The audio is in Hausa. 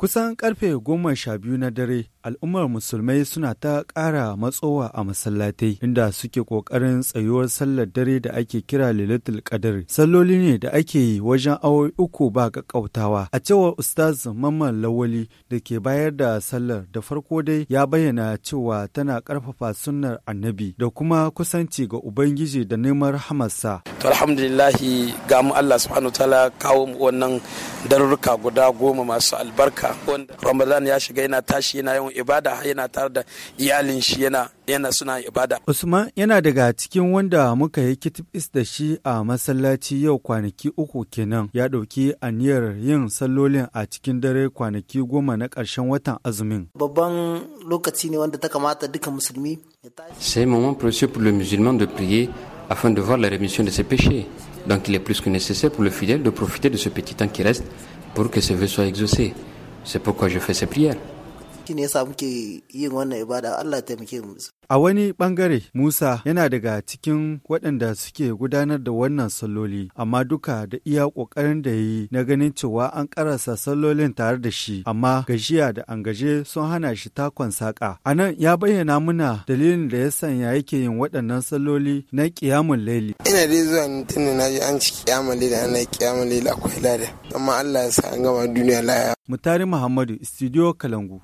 kusan karfe goma sha biyu na dare Al'ummar musulmai suna ta ƙara matsowa a masallatai inda suke ƙoƙarin tsayuwar sallar dare da ake kira Lailatul Qadr. Salloli ne da ake yi wajen awowi uku ba ƙaƙƙautawa. A cewar Ustaz Mamman Lawali da ke bayar da sallar da farko dai ya bayyana cewa tana ƙarfafa sunnar Annabi da kuma kusanci ga Ubangiji da neman rahamarsa. To alhamdulillahi ga mu Allah subhanahu ta'ala kawo wannan darurruka guda goma masu albarka. Ramadan ya shiga yana tashi yana samun ibada yana tare da iyalin shi yana yana suna ibada. Usman yana daga cikin wanda muka yi kitibis da shi a masallaci yau kwanaki uku kenan ya ɗauki aniyar yin sallolin a cikin dare kwanaki goma na ƙarshen watan azumin. Babban lokaci ne wanda ta kamata duka musulmi. C'est un moment précieux pour le musulman de prier afin de voir la rémission de ses péchés. Donc il est plus que nécessaire pour le fidèle de profiter de ce petit temps qui reste pour que ses vœux soient exaucés. C'est pourquoi je fais ces prières. ciki ne yasa muke yin wannan ibada Allah taimake mu a wani bangare Musa yana daga cikin waɗanda suke gudanar da wannan salloli amma duka da iya ƙoƙarin da yi na ganin cewa an karasa sallolin tare da shi amma gajiya da an gaje sun hana shi takon saƙa a nan ya bayyana muna dalilin da ya sanya yake yin waɗannan salloli na ƙiyamun laili ina dai zuwa tunda na ji an ci ƙiyamun laili ana ƙiyamun laili akwai lada amma Allah ya sa an gama duniya laya Mutari Muhammadu, Studio Kalangu.